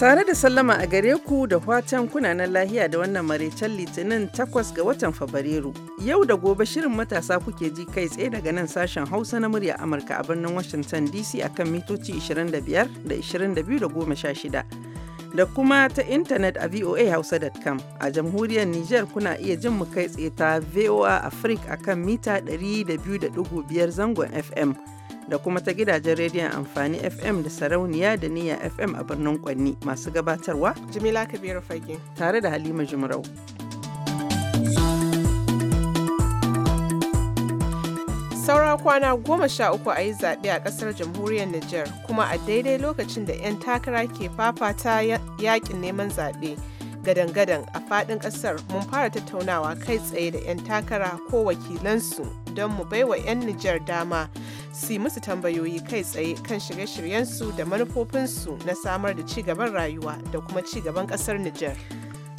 Tare da sallama a gare ku da fatan kunanan lahiya da wannan maraicen litinin takwas ga watan Fabrairu. Yau da gobe shirin matasa kuke ji kai tsaye daga nan sashen Hausa na murya Amurka a birnin Washington DC akan mitoci 25 da 22 da kuma ta intanet a voahausa.com a jamhuriyar Nijar kuna iya jin mu kai tsaye ta VOA Africa akan mita 102.5 zangon FM. da kuma ta gidajen rediyon amfani FM da sarauniya da niya FM a birnin Kwanni masu gabatarwa. jimila Kabiru Fage. Tare da Halima jimarau Saura kwana goma sha uku a yi zaɓe a ƙasar jamhuriyar Nijar kuma a daidai lokacin da 'yan takara ke fafata yakin neman zaɓe. gadan-gadan a faɗin ƙasar mun fara tattaunawa kai tsaye da 'yan takara ko wakilansu don mu baiwa 'yan Nijar dama su musu tambayoyi kai tsaye kan shirye-shiryensu da manufofinsu na samar da ci gaban rayuwa da kuma ci gaban ƙasar Nijar.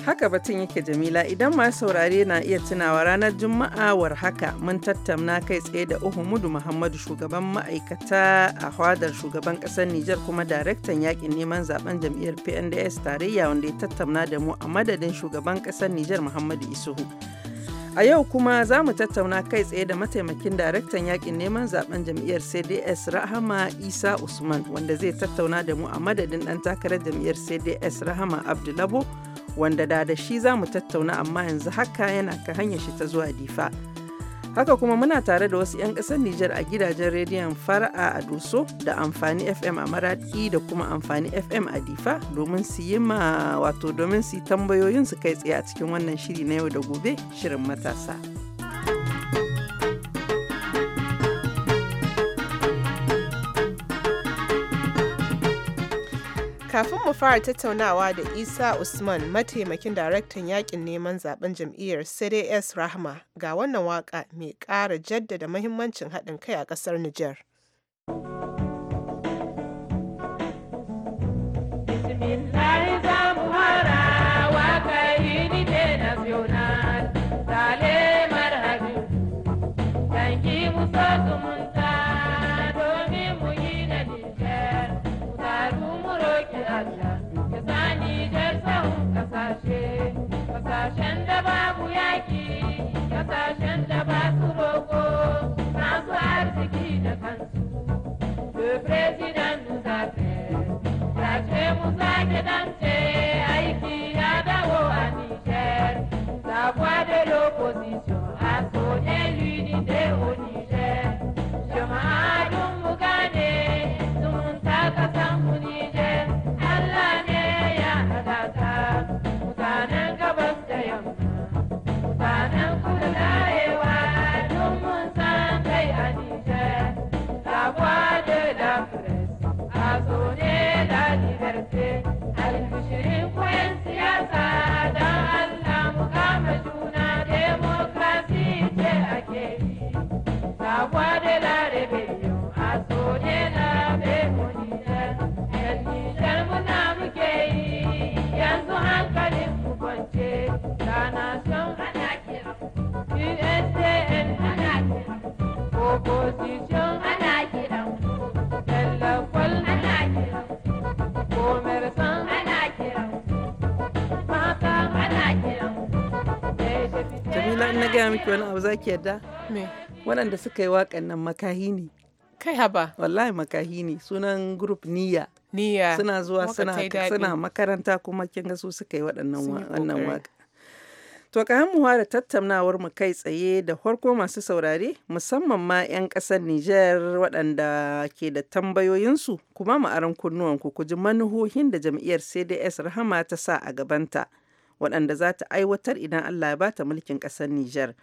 Haka batun yake Jamila idan masu saurare na iya tunawa ranar Juma'a war haka mun tattauna kai tsaye da Uhumudu Muhammadu shugaban ma'aikata a hadar shugaban kasar Nijar kuma daraktan yakin neman zaben jam'iyyar PNDS tarayya wanda ya tattauna da mu a madadin shugaban kasar Nijar Muhammadu Isuhu. A yau kuma za mu tattauna kai tsaye da mataimakin daraktan yakin neman zaben jam'iyyar CDS Rahama Isa Usman wanda zai tattauna da mu a madadin ɗan takarar jam'iyyar CDS Rahama Abdulabo wanda da da shi za mu tattauna amma yanzu haka yana ka hanyar shi ta zuwa difa. Haka kuma muna tare da wasu 'yan ƙasar Nijar a gidajen rediyon Fara'a a Doso da amfani FM a Maraɗi da kuma amfani FM a Difa domin su yi ma wato domin su yi tambayoyin su kai tsaye a cikin wannan shiri na yau da gobe shirin matasa. Kafin mu fara tattaunawa da Isa Usman mataimakin daraktan yakin neman zaben jam'iyyar CDS Rahma ga wannan waka mai ƙara jaddada mahimmancin haɗin kai a ƙasar Nijar. gaya miki wani abu zaki yarda me waɗanda suka yi waƙan nan makahi ne kai haba wallahi makahi ne sunan group niya niya suna zuwa suna suna makaranta kuma kin ga su suka yi waɗannan wannan waƙa To ka hamuwa da tattaunawar mu kai tsaye da farko masu saurare musamman ma 'yan ƙasar Nijar waɗanda ke da tambayoyinsu kuma ma'aran kunnuwanku ku ji manuhohin da jam'iyyar CDS Rahama ta sa a gabanta waɗanda za ta aiwatar idan Allah ya ba ta mulkin ƙasar Nijar.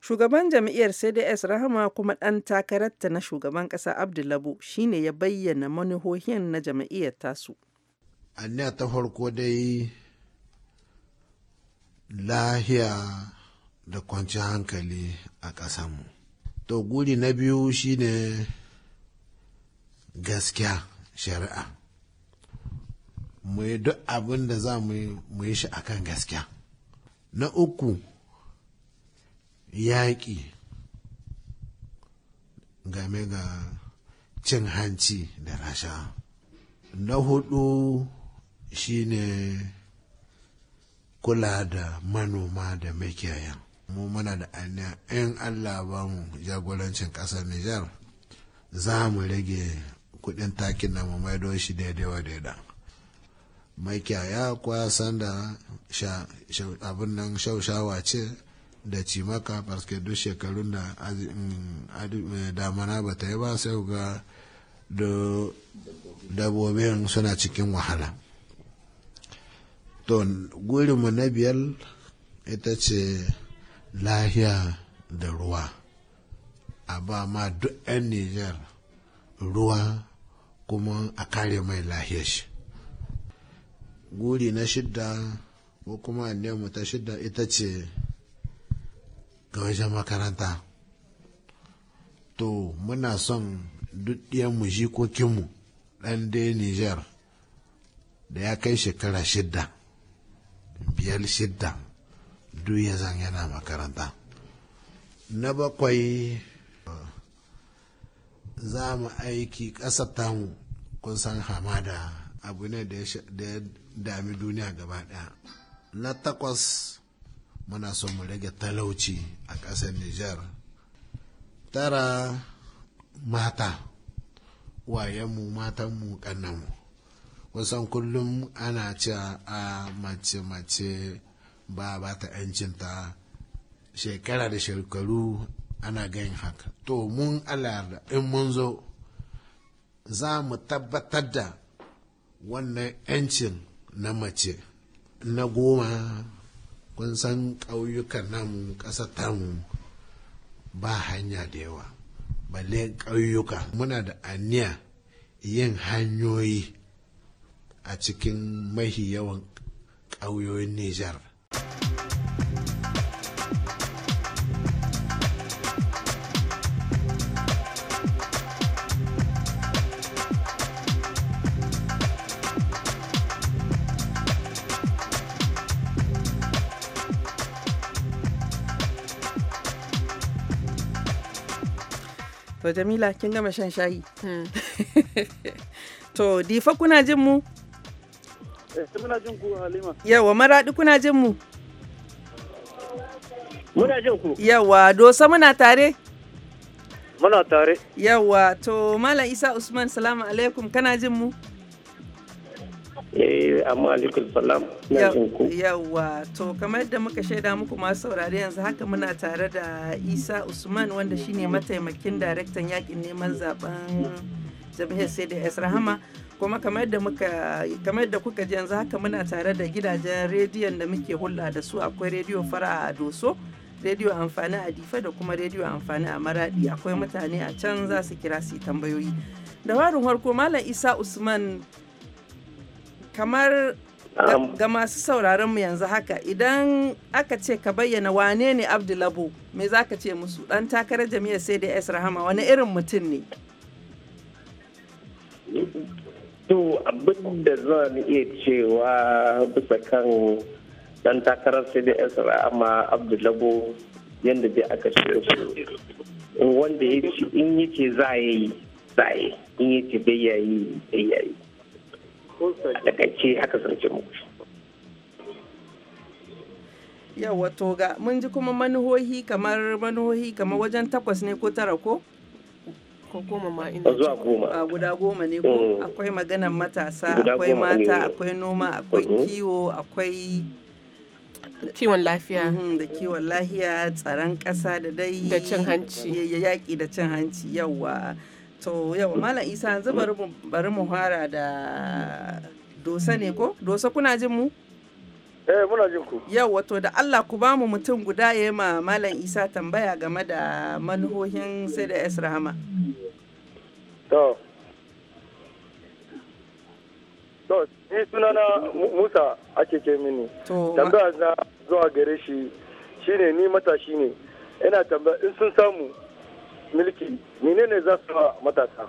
Shugaban jam'iyyar CDS Rahama kuma ɗan takararta na shugaban ƙasa Abdullabu shine ya bayyana manuhohin na jam'iyyar tasu. Aniya ta farko dai lahiya da kwanci hankali a ƙasanmu. To guri na biyu shine gaskiya shari'a. mu yi duk abin da za mu yi mu yi shi akan gaskiya na uku yaƙi game ga cin hanci da rasha na hudu shine kula da manoma da makiyayan mu muna da aniya in allah ba mu jagorancin ƙasar nijar za mu rage kudin takin na mu maido shi daidai wa daidai mai kyaya kwa sanda abin nan shaushawa ce da cimaka parce duk shekarun da mm, eh, damana ba ta yi ba sai ga dabbobin suna cikin wahala to gurinmu na biyar ita ce lahiya da ruwa a ba ma duk 'yan nijar ruwa kuma a kare mai lahiyar shi guri na shidda ko kuma mu ta shidda ita ce ga wajen makaranta to muna son duk mu jikokinmu ɗan dai niger da ya kai shekara shidda biyar shidda duk ya zan yana makaranta na bakwai za mu aiki ƙasa tamu kun san hamada abu ne da ya dami duniya gaba daya na takwas muna so mu rage talauci a ƙasar nijar tara mata mu matanmu mu wasan kullum ana cewa a mace-mace ba ba ta 'yancinta shekara da shekaru ana gani haka to mun allah in mun zo za mu tabbatar da wannan 'yancin na mace na goma kun san ƙauyukan nan ƙasar tamu ba hanya da yawa balle ƙauyuka muna da aniya yin hanyoyi a cikin mahi yawan ƙauyoyin nijar To Jamila kin gama shan shayi. Hmm. To difa kuna jin mu? Eh, muna jin ku Halima. Yawa maradi kuna jin mu? Muna jin ku. Yawa dosa muna tare? Muna tare. Yawa to Malam Isa Usman salamu alaikum kana jin mu? eh amma alaikum salam na yawa to kamar yadda muka shaida muku masu saurare yanzu haka muna tare da Isa Usman wanda shine mataimakin daraktan yakin neman zaben jam'iyyar sai da Rahama kuma kamar yadda muka kamar yadda kuka ji yanzu haka muna tare da gidajen rediyon da muke hulɗa da su akwai rediyo fara a Doso rediyo amfani a Difa da kuma rediyo amfani a Maradi akwai mutane a can za su kira su tambayoyi da warin harko Malam Isa Usman kamar ga masu sauraron mu yanzu haka idan aka ce ka bayyana wane ne abdulabo me za ka ce musu dan takarar jami'ar sai da rahama wani irin mutum ne to abin da zan iya cewa bisa kan dan takarar sai da rahama abdulabo yadda dai aka ce wanda ya ce in yake za yi za yi in yake bai yayi bai yayi takaice haka zance mu yawa to ga mun ji kuma manuhohi kamar manuhohi kamar wajen takwas ne ko tara ko ko goma ma ina zuwa goma a guda goma ne ko mm. akwai magana matasa akwai mata akwai noma akwai mm-hmm. kiwo akwai kiwon lafiya mm-hmm, da kiwon lafiya tsaron kasa da dai da cin hanci yaƙi da cin hanci yawa to yau mala isa yanzu bari mu fara da dosa ne ko dosa kuna jin mu eh muna jin ku yau wato da Allah ku bamu mutum guda ya yi ma malam isa tambaya game da manhohin sai da isra'ama to to ni sunana musa ake ke mini tambaya na zuwa gare shi shine ni matashi ne ina tambaya in sun samu mulki menene za su matasa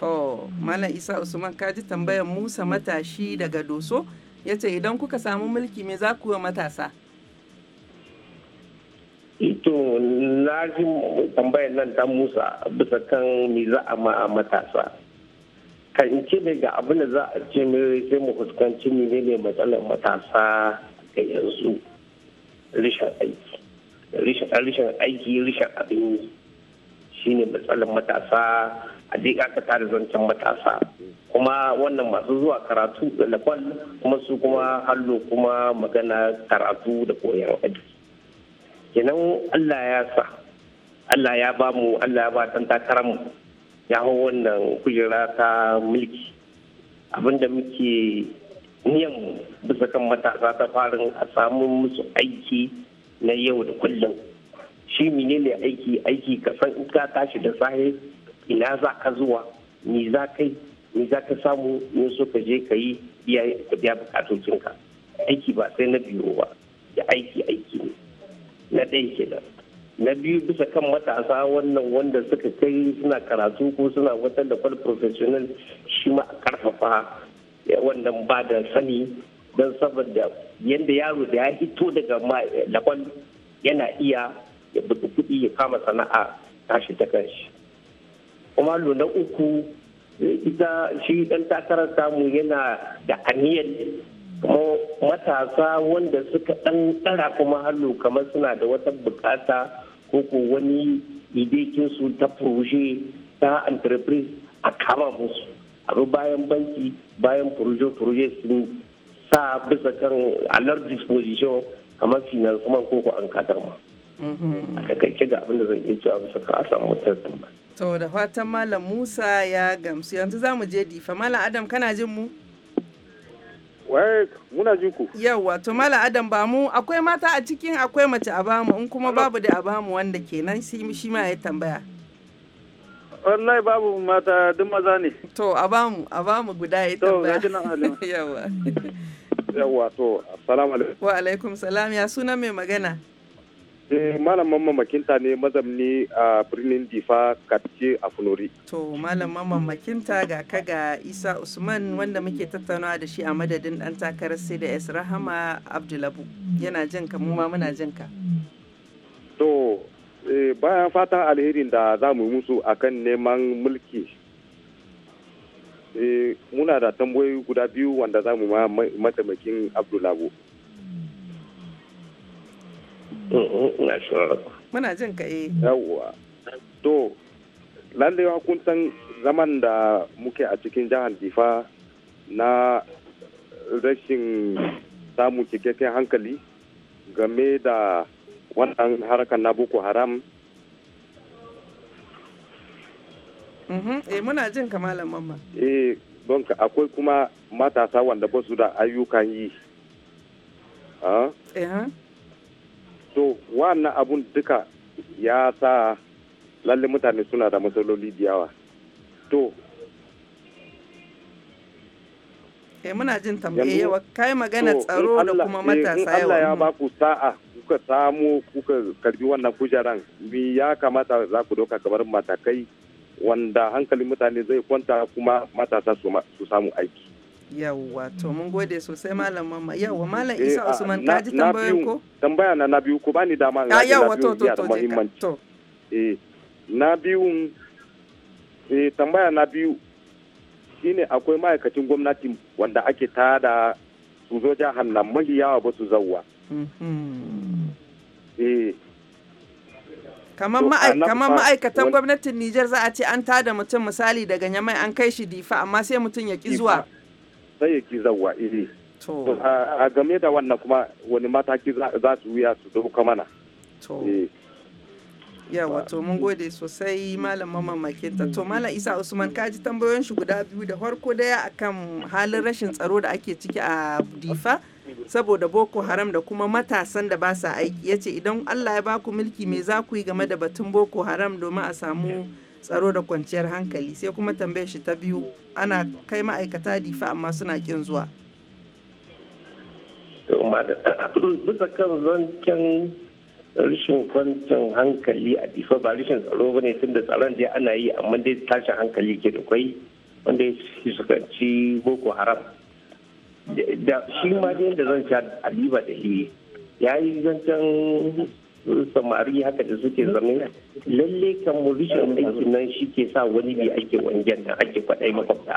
to malam isa usman ka ji tambayar musa matashi daga doso ya ce idan kuka samu mulki me za ku yi matasa ito na ji tambayar nan ta musa bisa kan me za a ma matasa kan in ce ne ga abin da za a ce mai sai mu fuskanci menene matsalar matasa ga yanzu rishin aiki rishin aiki rishin abin yi shine matsalar matasa a dika ka tare zancen matasa kuma wannan masu zuwa karatu da lafal kuma su kuma hallo kuma magana karatu da koyon aiki kenan Allah ya sa Allah ya ba mu Allah ya ba ɗan takarar mu ya hau wannan kujera ta mulki abinda muke niyan bisa kan matasa ta farin a samu musu aiki na yau da kullum shi menene aiki aiki ka san in ka tashi da safe ina za ka zuwa ni za kai ni za ka samu ni so ka je ka yi ka biya bukatocinka aiki ba sai na biyu ba da aiki aiki ne na ɗaya kenan na biyu bisa kan matasa wannan wanda suka kai suna karatu ko suna wata da kwal professional shi ma a karfafa wannan ba da sani don saboda yadda yaro da ya hito daga lakwal yana iya ya buɗe kuɗi ya kama sana'a tashi ta kanshi kuma na uku ita shi ɗan takarar samu yana da aniyar matasa wanda suka ɗan ɗara kuma hallo kamar suna da wata bukata ko ko wani su ta furushe ta entreprise a kama musu abu bayan banki bayan proje-proje sun sa bisa kan alert disposition kamar finance ko ko an kadar ma. Mm-hmm. a takaice ga abin da zan iya cewa bisa ka a samu wata to da fatan malam musa ya gamsu yanzu za mu je difa malam adam kana jin mu wai muna jin ku yawa to malam adam ba mu akwai mata a cikin akwai mace a bamu in kuma babu da a bamu wanda kenan shi ma ya tambaya wallahi babu mata duk maza ne to a bamu a bamu guda ya tambaya to yawa yawa to assalamu alaikum wa alaikum salam ya sunan mai magana Eh, Malam Mamman Makinta ne mazamni a birnin Difa katice a Funori. To Malam Mamman Makinta ga kaga Isa Usman wanda muke tattaunawa da shi a madadin dan takarar sai da S Rahama Abdulabu. Yana jin ka mu ma muna jin ka. To eh, bayan fatan alherin da za mu musu kan neman mulki eh, muna da tambayoyi guda biyu wanda za mu ma mataimakin Abdulabu. Mm-hmm. Muna jin ka yi eh. Yawwa. To, lallewa kun san zaman da muke a cikin jihar Jifa na rashin samun cikakken hankali game da wannan harkar na Boko Haram. Mm-hmm. Eh muna jin ka malam mamma. Eh don akwai kuma matasa wanda ba su da ayyukan yi. Ah? Eh so wannan abun duka ya sa lalle mutane suna da matsaloli da yawa to e muna jin tambaye kai magana tsaro da kuma matasa yawa eh, Allah ya ba ku sa'a kuka samu kuka karbi wannan kujeran mi ya kamata za ku doka kamar matakai wanda hankalin mutane zai kwanta kuma matasa su samu aiki yawwa to mun gode sosai malam mamma yawwa malam eh, isa ah, usman ka ji tambayoyin ko tambaya na na biyu ko bani dama ah, na yawwa to to to eh na biyu eh tambaya na biyu shine akwai ma'aikacin gwamnati wanda ake tada su zo jihar nan yawa ba su zauwa mm-hmm. eh kamar ma'aikatan gwamnatin Nijar za a ce an tada mutum misali daga nyamai an kai shi difa amma sai mutum ya ki zuwa sai zauwa iri eh. to a game da wannan kuma wani mataki za su wuya su dauka mana to eh. ya wato mun gode sosai malam mamakin ta to malam isa usman kaji tambayoyin shi guda biyu da farko daya akan halin rashin tsaro da ake ciki a difa saboda boko haram da kuma matasan da ba sa aiki yace idan allah ya baku mulki me za ku yi game da batun boko haram domin a samu tsaro da kwanciyar hankali sai kuma tambayar shi ta biyu ana kai ma'aikata difa amma suna kin zuwa bisa kan zancen rashin kwancin hankali a difa ba rashin tsaro ba ne tunda tsaron dai ana yi amma dai tashin hankali ke da kwai wanda ya ci boko haram da shi ma dai yadda zan sha a diba da yi ya yi zancen samari haka da suke zama lalle kan mu rishin aikin nan shi ke sa wani bi ake wangen nan ake kwaɗai makwabta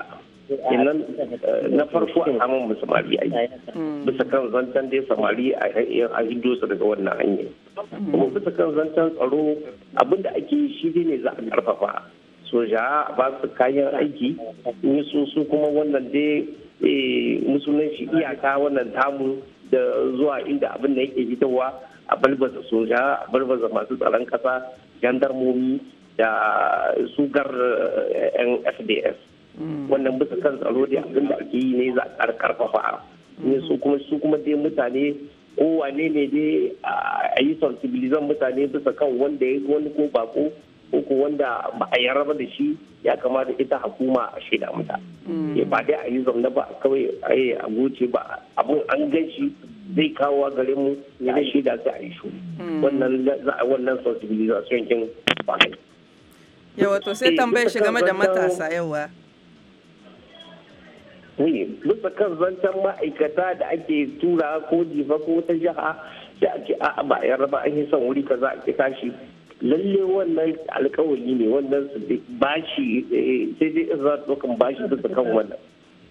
kenan eh, na farko a samun mu samari aiki mm. bisa kan zancen dai samari a hido su daga wannan hanyar mm. kuma bisa kan zancen tsaro abinda ake yi shi ne za a karfafa soja ba su kayan aiki ne su su kuma wannan dai eh, musulunci iyaka wannan tamu da zuwa inda abin da yake fitowa a balbaza soja a balbaza masu tsaron kasa jandarmomi da sugar eh, yan fds hmm. wannan bisa kan tsaro da abin da ake yi ne za a karfafa hmm. ne su kuma su kuma dai mutane kowane ne dai a yi sensibilizan mutane bisa kan wanda ya wani ko bako ko wanda ba a yaraba da shi ya kamata ita hukuma a shaida mata. Hmm. Ba dai a yi zaune ba kawai a goce ba abun an gan zai kawo gare mu ya da shi da su a yi hmm. wannan wannan sensibilization kin ba yawa wato sai eh, tambaye shi game da matasa yawa ne bisa kan zancen ma'aikata da ake tura ko jifa ko ta jiha ake a a'a ba a yarda ba an yi son wuri ka za a ke tashi lalle wannan alkawari ne wannan su bashi eh, sai dai in za su ba bashi duka kan wannan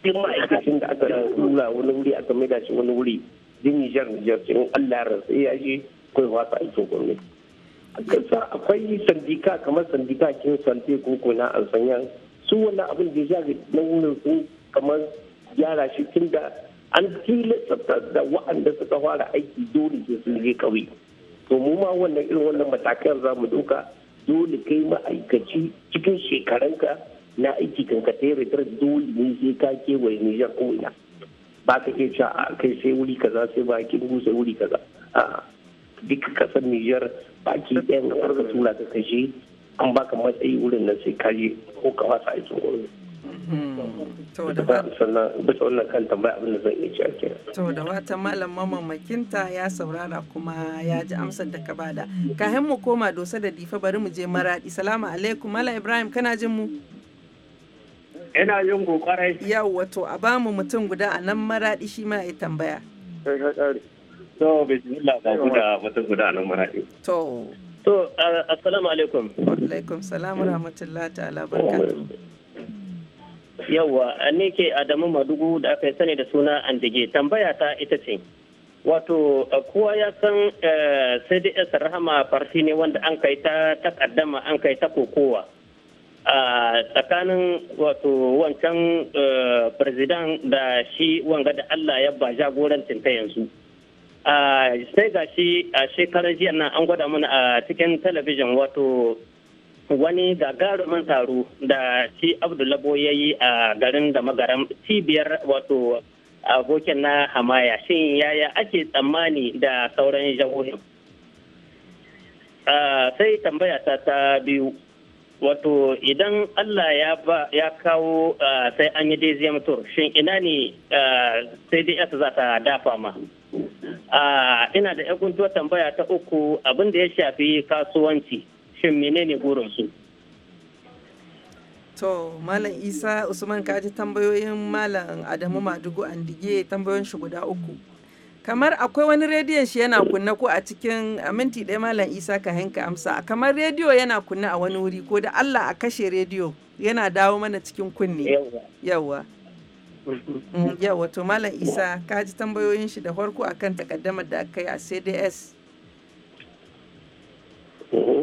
sai ma'aikacin da aka tura wani wuri aka maida shi wani wuri din Nijar Nijar in Allah ya rasu ya je kai wasa aikin gwamnati kasa akwai sandika kamar sandika ke sante koko a alfanyan su wannan abin da ya na wurin sun kamar gyara shi tun da an tilasta da wa'anda suka fara aiki dole ke sun je kauye to mu ma wannan irin wannan matakan za mu doka dole kai ma'aikaci cikin shekaranka na aiki kankatai ritar dole ne sai ka kewaye Nijar koina ba ka iya cewa kai sai wuri kaza sai ba ki bugu sai wuri kaza a duk kasar Nijar baki ɗayan kasar ka tura ta kashe an baka matsayi wurin nan sai kaje ko ka fasa cikin wurin bisa kan tambaya abin da zan iya da wata malam mamamakinta ya saurara kuma ya ji amsar da ka bada. Kahin mu koma dosa da difa bari mu je maradi. Salamu alaikum mala Ibrahim kana jin mu? Ina yin kokarai. Yau wato a bamu mutum guda a nan maraɗi shi ma ya tambaya. To bismillah ba guda mutum guda a nan maraɗi. To. To assalamu alaikum. Alaikum rahmatullahi ta'ala ne ke Adamu Madugu da aka yi sani da suna Andige tambaya ta ita ce. Wato kowa ya san CDS eh, Rahama farti ne wanda an kai ta takaddama an kai ta kokowa. A tsakanin wato wancan eh, president da shi wanga da Allah ya ba jagorancin ta yanzu. sai ga shi a shekarar jiya nan an gwada mana a cikin talabijin wato wani gagarumin taro da shi abdullabo ya yi a garin da magaram cibiyar wato abokin na hamaya shin yaya ake tsammani da sauran jagorin sai tambaya ta biyu wato idan Allah ya ba ya kawo ah, sai an yi dai mutu shin ina ne ah, sai dai yasa za ta dafa ma ah, ina da ya guntuwar tambaya ta uku abin da ya shafi kasuwanci shin menene burin su to malam isa usman kaji tambayoyin malam adamu madugu andige tambayon shi guda uku kamar akwai wani rediyon shi yana kunna ko a cikin minti ɗaya malam isa ka hanka amsa kamar rediyo yana kunna a wani wuri ko da allah a kashe rediyo yana dawo mana cikin kunne yawa yawa mm, to malam isa ka ji tambayoyin shi da farko akan takaddamar da aka yi a cds mm-hmm.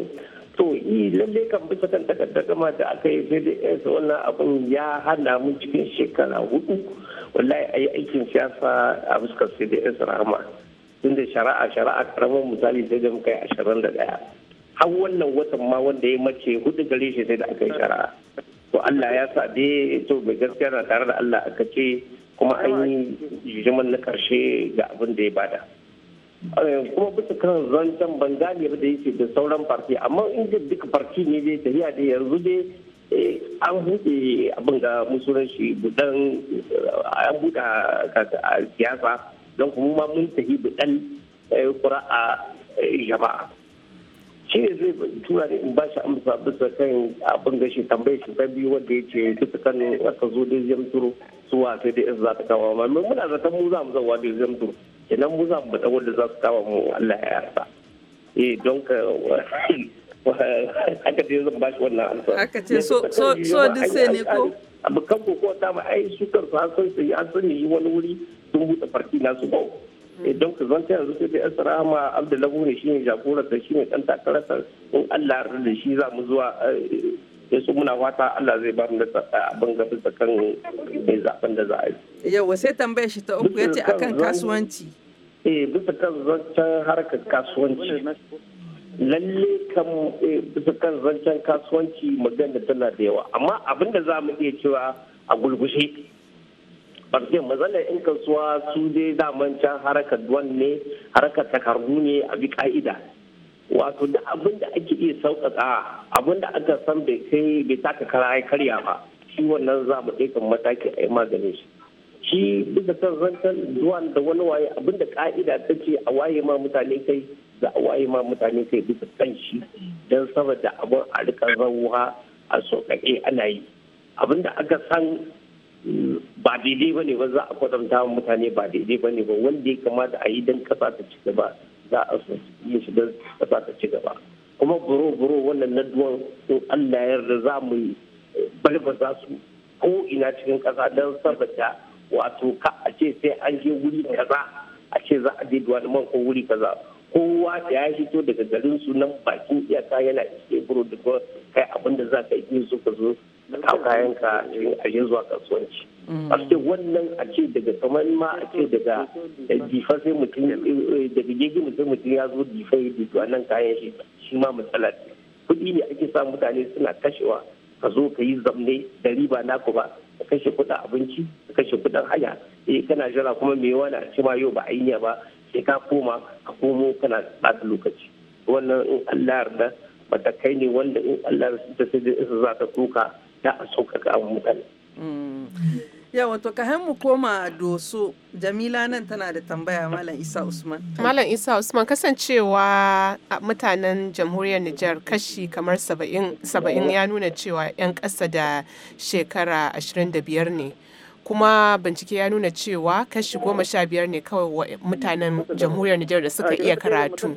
to yi lallai kan bisa kan takaddama da aka yi cds wannan abin ya hana mu cikin shekara hudu wallahi a yi aikin siyasa a fuskar cds da yan tun da shara'a shari'a karamar misali sai da muka yi ashirin da ɗaya har wannan watan ma wanda ya mace hudu gare shi sai da aka yi shari'a to Allah ya sa dai to mai gaskiya na tare da Allah aka ce kuma an yi jijiman na karshe ga abin da ya bada eh, kuma bisa kan zancen ban gane ba da yake da sauran farti amma in duka farki ne dai tafiya da yanzu dai Eh, an buɗe abin ga musulun shi budan eh, an buɗe siyasa don kuma ma mun tafi budan eh, ƙura'a jama'a shi ne zai tura ne in ba shi amsa bisa kan abin da shi tambaye shi ta biyu wanda ya ce duka kan wata zo da zai turo suwa sai da za ta kama ma mai muna zaton mu za mu zawa da zai turo kenan mu za mu bada wanda za su kama mu Allah ya yarda eh don ka aka ce zan bashi wannan amsa aka ce so so ne ko abokan koko ta ba ai su kan an san su an san yi wani wuri sun buɗe farki su ba mm. eh, don ka zanta yanzu sai dai asara ma abdullahi ne shine jagorar da shine dan takarar in Allah ya da shi za mu zuwa ya eh, eh, so muna fata Allah zai ba mu da abin gaba da kan mai zaben da za a yi yawa sai tambaye shi ta uku yace akan kasuwanci eh bisa kan zancen harkar kasuwanci lalle kan eh, kan zancen kasuwanci magana tana da yawa amma abin da za mu iya cewa a gulgushe barke matsalar yan kasuwa su dai daman can harakar duwan ne harakar takardu ne a bi ka'ida wato da abin da ake iya sauƙaƙa abin da aka san bai kai bai taka kara ya karya ba shi wannan za mu kan mataki a yi maganin shi shi bisa kan zancen duwan da wani waye abin da ka'ida ta ce a waye ma mutane kai za a waye ma mutane kai bisa kan shi don saboda abin a rika rawa a sauƙaƙe ana yi abin aka san mm, ba daidai ba ne ba za a kwatanta mutane ba daidai ba ne ba wanda ya kamata a yi don kasa ta ci gaba za a yi shi don kasa ta ci gaba kuma buro buro wannan na duwan in Allah yarda za mu yi balbaza su ko ina cikin kasa don saboda wato ka a ce sai an je wuri kaza a ce za a je duwa ko wuri kaza kowa da ya hito daga garin sunan nan bakin iyaka yana iske buru da kai abin da za ka yi su ka zo ka kayan ka a yi zuwa kasuwanci mm. a wannan a ce daga kamar ma a ce daga eh, difa sai mutum eh, daga gege mutum mutum ya zo difa ya dito nan kayan shi shi ma matsala ce kuɗi ne ake sa mutane suna kashewa ka zo ka yi zamne da riba naku ba ka kashe kuɗin abinci ka kashe kuɗin haya eh kana jira kuma me wani a ce ma yau ba a yi ba sai ka koma a komo kana ɓata lokaci wannan in Allah yarda kai ne wanda in Allah ta sai za ta kuka da a sauƙaƙa a mutane. Mm. yawan wato ka mu koma doso jamila nan tana da tambaya malam isa usman malam isa usman kasancewa mutanen jamhuriyar nijar kashi kamar saba'in ya nuna cewa 'yan ƙasa da shekara 25 ne kuma bincike ya nuna cewa kashi goma sha biyar ne kawai mutanen jamhuriyar Nijar da suka iya karatu.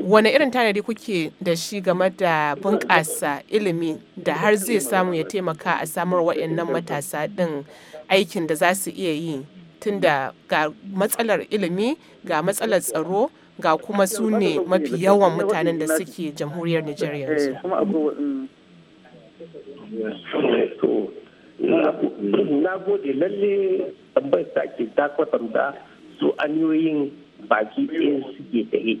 Wane irin tanadi kuke da shi game da bunƙasa ilimi da har zai samu ya taimaka a samar waɗannan matasa ɗin aikin da za su iya yi tunda ga matsalar ilimi ga matsalar tsaro ga kuma su ne mafi yawan mutanen da suke jamhuriyar Nijar yanzu. na gode lalle tambayar ta ke ta kwatanta su hanyoyin baki ɗaya suke tsaye.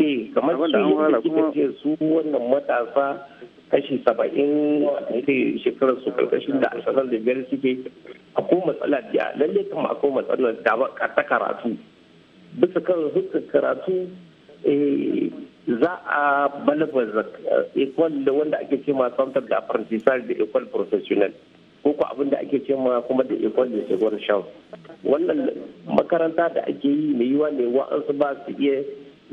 eh kamar da kuma ce su wannan matasa kashi saba'in ne eh, shekarar su karkashin da ashirin da biyar suke akwai matsala biya. lalle kama akwai matsala da ta karatu bisa kan hukun karatu eh, za a balabar ekwal eh, da wanda ake ce masu da apprenticeship da ekwal professional ko ko abin da ake cewa kuma da ikon da shigar shan wannan makaranta da ake yi mai yiwa ne wa'ansu ba su iya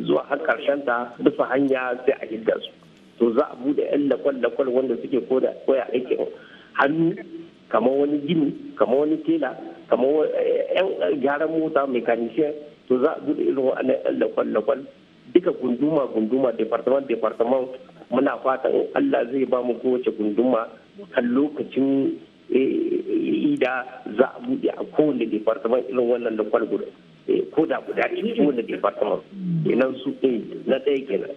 zuwa har karshen ta bisa hanya sai a hidda su to za a bude yan lakwal-lakwal wanda suke koya aikin hannu kamar wani gini kamar wani tela kamar yan eh, eh, gyaran mota mekanisiyan to za a bude irin wa'annan yan lakwal-lakwal duka gunduma-gunduma departement-departement muna fatan Allah zai ba mu kowace gunduma kan lokacin Eh, ida za a buɗe a kowane departament irin wannan da kwal guda ko da guda ne kowane departament kenan su na ɗaya kenan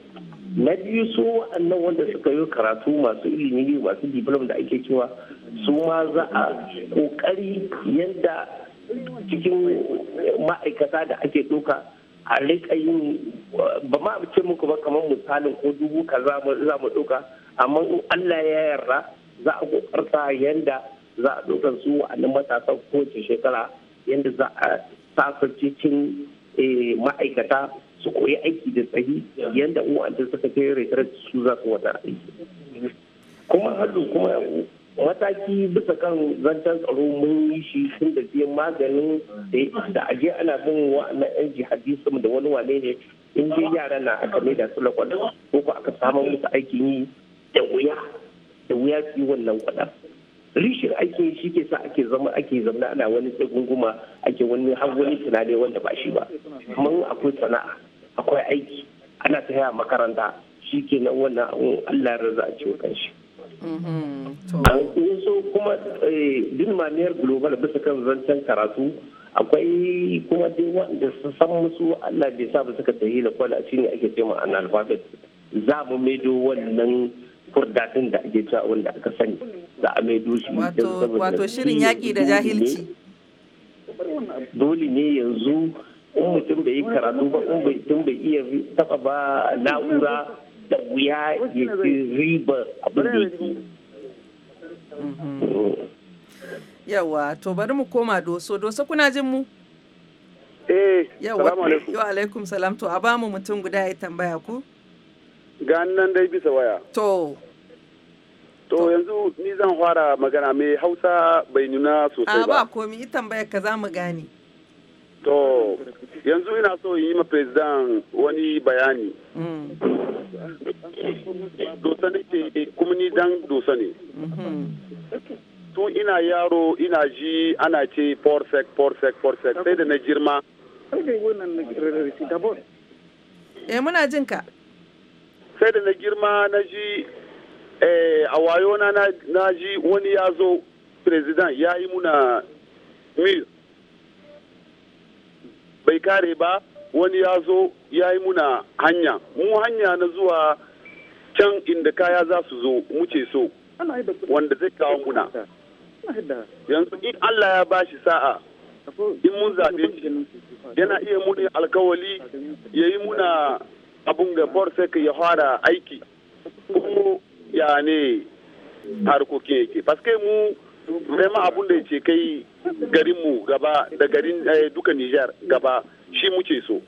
na biyu su waɗannan wanda suka yi karatu masu ilimi masu diplom da ake cewa su ma za a ƙoƙari yadda cikin ma'aikata da ake ɗauka a rika yin ba ma ce muku ba kamar misalin ko dubu ka za mu ɗauka amma in Allah ya yarda za a ƙoƙarta yadda za a ɗaukar su nan matasan kowace shekara yadda za a tasar cikin eh, ma'aikata su koyi aiki da tsayi yadda uwanta suka kai retret su za su wata aiki kuma hadu kuma mataki bisa kan zancen tsaro mun yi shi tun da biyan maganin da a je ana bin wa'annan yan jihadi sama da wani wane ne in je yara na aka mai da su lakwada ko ko aka samu musu aikin yi da wuya da wuya su yi wannan kwada rishin aiki shi ke sa ake zama ake zama ana wani tsegunguma ake wani har tunani wanda ba shi ba kuma akwai sana'a akwai aiki ana ta makaranta shi ke nan wannan abun Allah ya raza a ciwo kanshi. shi mm-hmm. so kuma eh, din mamiyar global bisa kan zancen karatu akwai kuma dai wanda su san musu Allah bai sa ba suka tafi da kwala shi ne ake cewa alfabet za mu maido wannan kurda da ake cewa wanda aka sani za a mai dushi wato shirin yaƙi da jahilci dole ne yanzu in mutum bai yi karatu ba in tun bai iya taba ba na'ura da wuya ya ci riba abin da yake mm-hmm. yawa to bari mu koma doso doso kuna jin mu eh yawa alaikum salam to a bamu mutum guda ya tambaya ku gani nan dai bisa waya to to yanzu ni zan fara magana mai hausa bai nuna sosai ba ba komi ita tambaya ka za mu gane to yanzu ina so yi ma president wani bayani mm. dosa ke kuma ni dan dosa ne mm-hmm. tun ina yaro ina ji ana ce forsec forsec forsec sai da na girma eh muna jin ka sai da na girma na ji eh, a wayona na ji wani ya zo president ya yi muna mil bai kare ba wani ya zo ya yi muna hanya mu hanya na zuwa can inda kaya za su zo muke so wanda zai kawo muna yanzu in Allah ya bashi sa'a in mun zaɓe yana iya muni alkawali ya yi muna abun da bor sai ka ya fara aiki ko ya ne harkokin yake paske mu ma abun da ya ce kai garin mu gaba da garin eh, duka Nijar gaba shi muke so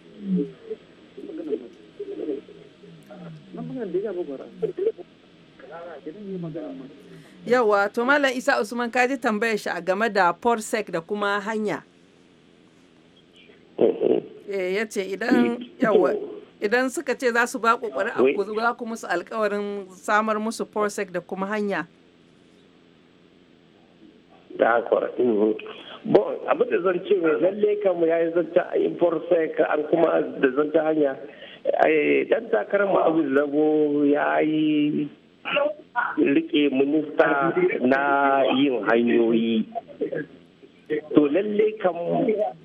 yawa to malam isa usman kaji tambaya shi a game da porsec da kuma hanya eh, eh. ya ce idan yawa idan suka ce za su ba ku za ku musu alkawarin samar musu forsec da kuma hanya d'accord bon abu da zan ce mai lalle kanmu ya yi zanta a yi forsec an kuma da zanta hanya dan takarar mu abu zago ya yi rike minista na yin hanyoyi to lalle kan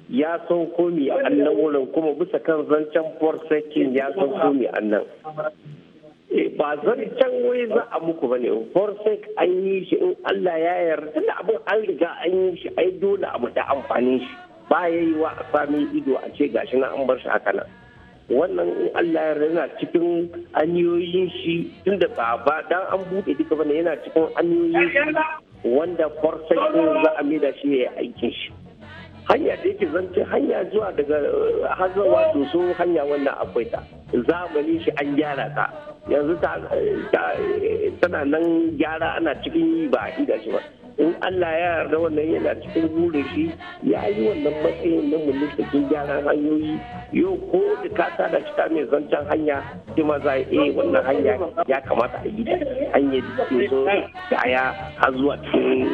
ya san komi a annan wurin kuma bisa kan zancen forsaking ya san komi a nan eh, ba zancen wai za a muku bane forsake an yi shi in Allah ya yarda da abin an riga an yi shi ai dole a mutu amfanin shi ba ya yi wa a sami ido a ce gashi na an bar shi haka nan wannan in Allah ya yana cikin hanyoyin shi tunda ba ba dan an buɗe duka bane yana cikin hanyoyin shi wanda farfashin za a da shi ya aikin shi hanya da yake zance hanya zuwa daga eh, hazawa so hanya wannan akwai ta zamani shi an gyara ta yanzu eh, eh, tana nan gyara ana cikin ba a shi ba in Allah ya yarda wannan yana cikin burin shi ya yi wannan matsayin na cikin gyaran hanyoyi yau ko da ka da cika mai zancen hanya shi ma za a eh, wannan hanya ya kamata a yi hanyar da zo aya har zuwa cikin eh,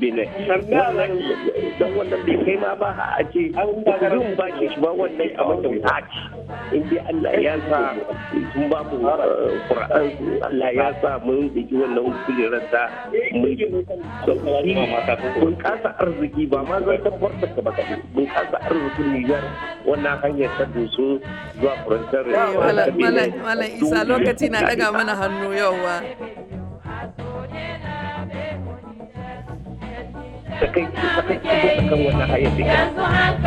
benin don wannan bai kai ma ba a ce kudin ba ke shi ba wannan a mata wuta ce in dai Allah ya sa sun ba mu eh, Allah ya sa mun biki wannan kujerar da mun saurari bunƙasa arziki ba ma zan tabbatar da ba kaɗai bunƙasa arzikin Nijar wannan hanyar ta doso zuwa furantar Malam Isa lokaci na ɗaga mana hannu yauwa. Sakai sakai sakai wannan hanyar ta